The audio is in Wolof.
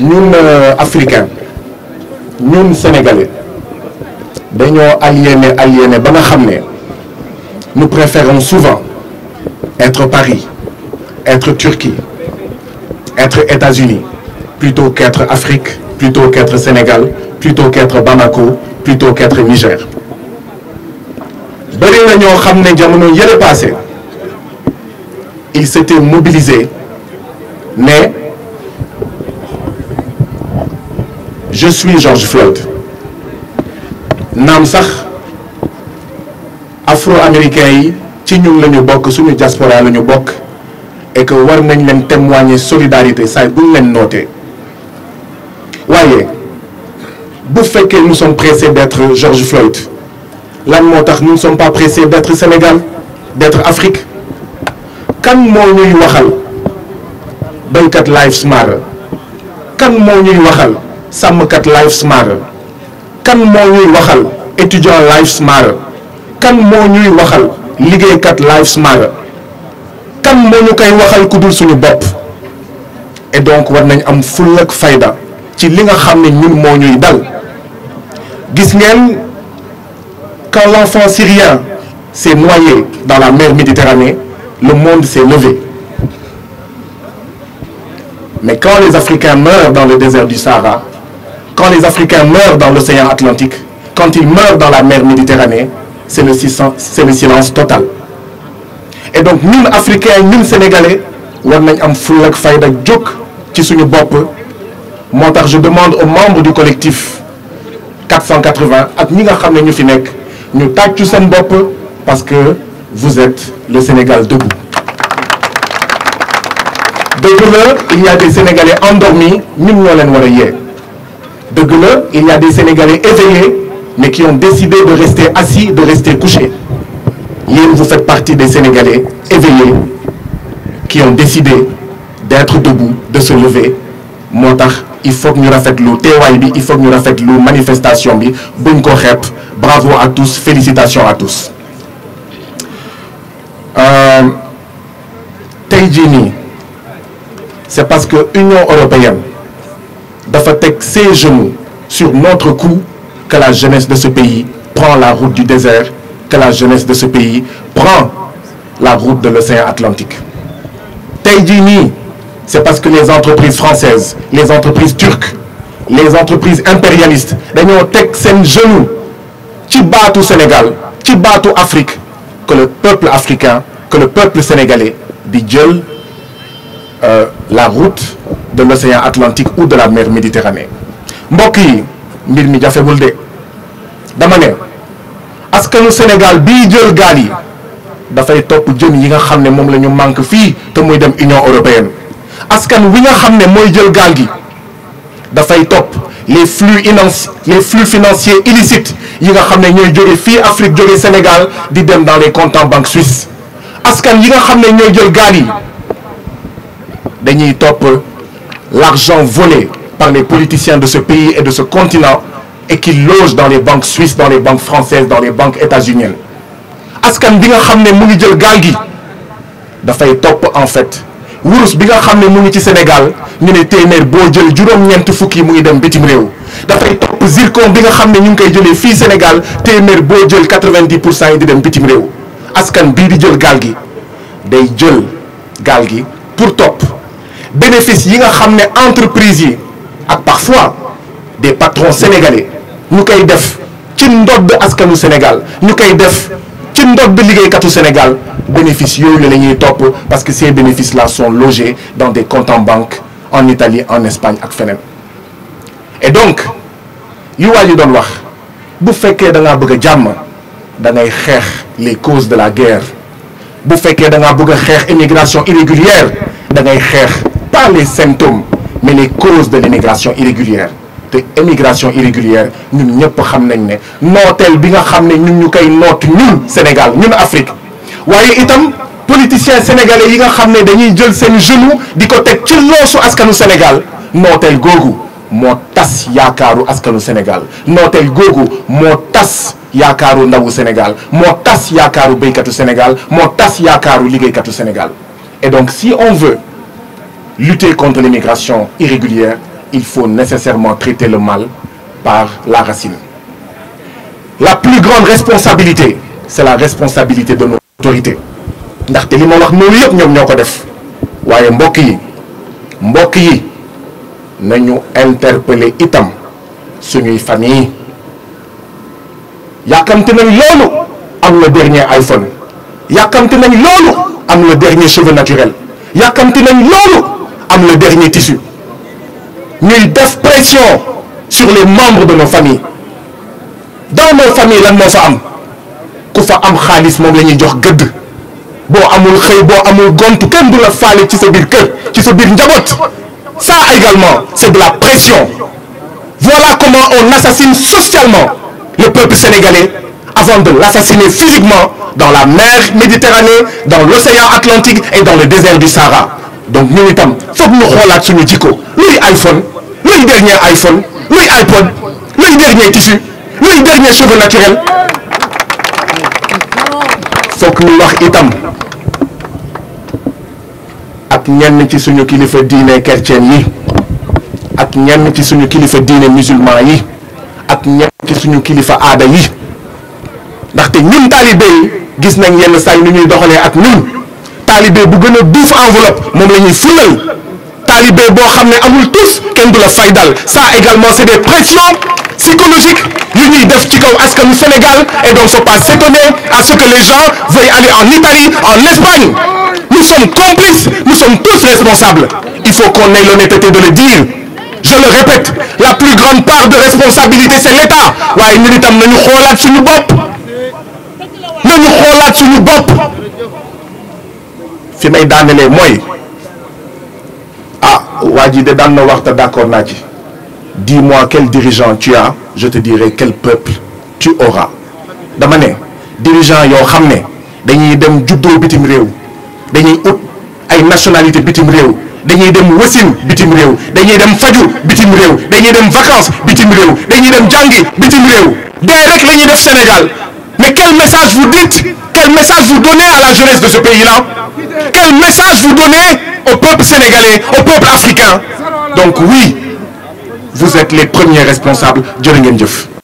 ñun euh, africain ñun sénégalais dañoo aliéné aliéné ba nous préférons souvent être Paris être Turquie être États-Unis plutôt qu'être Afrique, plutôt qu'être Sénégal, plutôt qu'être Bamako, plutôt qu'être Niger. bëri na ñoo xam ne jamono yële passé il s'était mobilisé mais je suis George Floyd naam sax afro-américains yi ci ñun la ñu bokk suñu diaspora la ñu bokk. et war nañ leen témoigner solidarité saay ñu leen nootee waaye bu fekkee nous sommes pressés d'être George Floyd lan moo tax nous ne sommes pas pressés d'être Sénégal d'être Afrique kan moo ñuy waxal béykat lives matter kan moo ñuy waxal sàmmkat lives matter kan moo ñuy waxal étudiant lives matter kan moo ñuy waxal liggéeykat lives matter kan moo ñu koy waxal ku dul suñu et donc war nañ am fulla ak ci li nga xam ne ñun moo ñuy dal gis ngeen quand l'enfant syrien s'est noyé dans la mer Méditerranée le monde s'est levé mais quand les Africains meurent dans le désert du Sahara quand les Africains meurent dans l'océan Atlantique quand ils meurent dans la mer Méditerranée c'est le silence, c'est le silence total et donc ñun africain ñun sénégalais war nañ am fulla ak fayda ak jóg ci suñu bopp moo tax je demande aux membres du collectif 480 ak ñi nga xam ne ñu fi nekk ñu tàccu seen bopp parce que vous êtes le Sénégal debout. dëgg la il y a des Sénégalais endormis ñun ñoo leen war a yee dëgg la il y a des Sénégalais éveillés mais qui ont décidé de rester assis de rester couchés. yéen vous faites partie des Sénégalais éveillés qui ont décidé d'être debout de se lever moo tax il faut que ñu rafetlu teewaay bi il faut que ñu rafetlu manifestation bi buñ ko xeeb bravo à tous félicitations à tous euh, tey jii nii c'est parce que Union européenne dafa teg ses genoux sur notre cou que la jeunesse de ce pays prend la route du désert que la jeunesse de ce pays prend la route de l'océan Atlantique tey jii nii c'est parce que les entreprises françaises les entreprises turques les entreprises impérialistes dañoo teg seen genou ci baatu Sénégal ci baatu Afrique que le peuple africain que le peuple sénégalais di jël euh, la route de l'océan Atlantique ou de la mer Méditerranée mbokk yi mbir mi jafewul de dama ne Sénégal bii jël gaal dafay topp jën yi nga xam ne moom la ñu manque fii te muy dem Union européenne askan wi nga xam ne mooy jël gaal gi dafay topp les flux inanci les flux financiers illicites yi nga xam ne ñooy jóge fii Afrique jóge Sénégal di dem dans les comptes en banque suisse askan yi nga xam ne ñooy jël gaal dañuy topp l'argent volé par les politiciens de ce pays et de ce continent et qui loge dans les banques suisses dans les banques françaises dans les banques états-uniennes askan bi nga xam ne mu ngi jël gaal gi dafay topp en fait wurus bi nga xam ne mu ngi ci Sénégal ñu ne téeméer boo jël juróom-ñeent fukki mu ngi dem bitim réew dafay topp zircon bi nga xam ne ñu ngi koy jëlee fii Sénégal téeméer boo jël quatre vingt pour cent yi di dem bitim réew askan bii di jël gaal gi day jël gaal gi pour topp bénéfice yi nga xam ne entreprise yi ak parfois des patrons sénégalais ñu koy def ci ndodd askanu Sénégal ñu koy def ci ndodd liggéeykatu Sénégal bénéfice yooyu la ñuy topp parce que ces bénéfices là sont logés dans des comptes en banque en Italie en Espagne ak feneen et donc yu waa doon wax bu fekkee da ngaa bëgg a jàmm da ngay xeex les causes de la guerre bu fekkee da ngaa bëgg a xeex immigration irrégulière da ngay xeex pas les symptômes mais les causes de l'immigration irrégulière te émigration irrégulière ñun ñëpp xam nañ ne nooteel bi nga xam ne ñun ñu koy noot ñun Sénégal ñun Afrique waaye itam politiciens sénégalais yi nga xam ne dañuy jël seen genou di ko teg ci loosu askanu Sénégal nooteel googu moo tas yaakaaru askanu Sénégal nooteel googu moo tas yaakaaru ndawu Sénégal moo tas yaakaaru béykatu Sénégal moo tas yaakaaru liggéeykatu Sénégal et donc si on veut lutter contre l'immigration irrégulière il faut nécessairement traiter le mal par la racine. La plus grande responsabilité, c'est la responsabilité de nos autorités. ndaxte li ma wax noonu yëpp ñoom ñoo ko def waaye mbokk yi mbokk yi nañu interpeller itam suñuy famille yàkkamte nañ loolu am le dernier iPhone yàkkamte nañ loolu am le dernier cheveux naturel yàkkamte nañ loolu am le dernier tissu ñuy def pression sur les membres de nos familles dans nos familles lan moo fa am ku fa am xaalis moom la ñuy jox gëdd boo amul xëy boo amul gont kenn du la faale ci sa biir kër ci sa biir njabot ça également c'est de la pression voilà comment on assassine socialement le peuple sénégalais avant de l'assassiner physiquement dans la mer Méditerranée dans l'océan Atlantique et dans le désert du Sahara donc ñun itam foog ñu xoolaat suñu jikko luy iPhone luy dernier iPhone luy iPod luy dernier tissu luy dernier cheveux naturel foog ñu wax itam ak ñenn ci suñu kilifa diine chrétien yi ak ñenn ci suñu kilifa diine musulman yi ak ñenn ci suñu kilifa aada yi ndaxte ñun taalibe yi gis nañ yenn saa yi ñuy doxalee ak ñun. taalibe bu gën a duuf enveloppe moom i ñuy fulal taalibe boo xam ne amul tus kenn du la fay dal ça également c' est des pressions psychologiques yu ñuy def ci kaw askanu Sénégal et donc faut pas s'étonner à ce que les gens veuillent aller en Italie en Espagne nous sommes complices nous sommes tous responsables il faut qu'on ait l'honnêteté de le dire je le répète la plus grande part de responsabilité c'est l'État waaye ñun itam nañu xoolaat suñu bopp nañu xoolaat suñu bopp fi may daanelee mooy ah waa jii de daan na wax te d'accord naa ci dis-moi quel dirigeant tu as je te dirai quel peuple tu auras dama ne dirigeant yoo xam ne dañuy dem juddoo bitim réew dañuy ut ay nationalité bitim réew dañuy dem wasin bitim réew dañuy dem faju bitim réew dañuy dem vacances bitim réew dañuy dem jàngi bitim réew dee rek la ñuy def Sénégal mais quel message vous dites quel message vous donnez à la jeunesse de ce pays-là Quel message vous donnez au peuple sénégalais, au peuple africain Donc oui, vous êtes les premiers responsables. Jërë ngeen jëf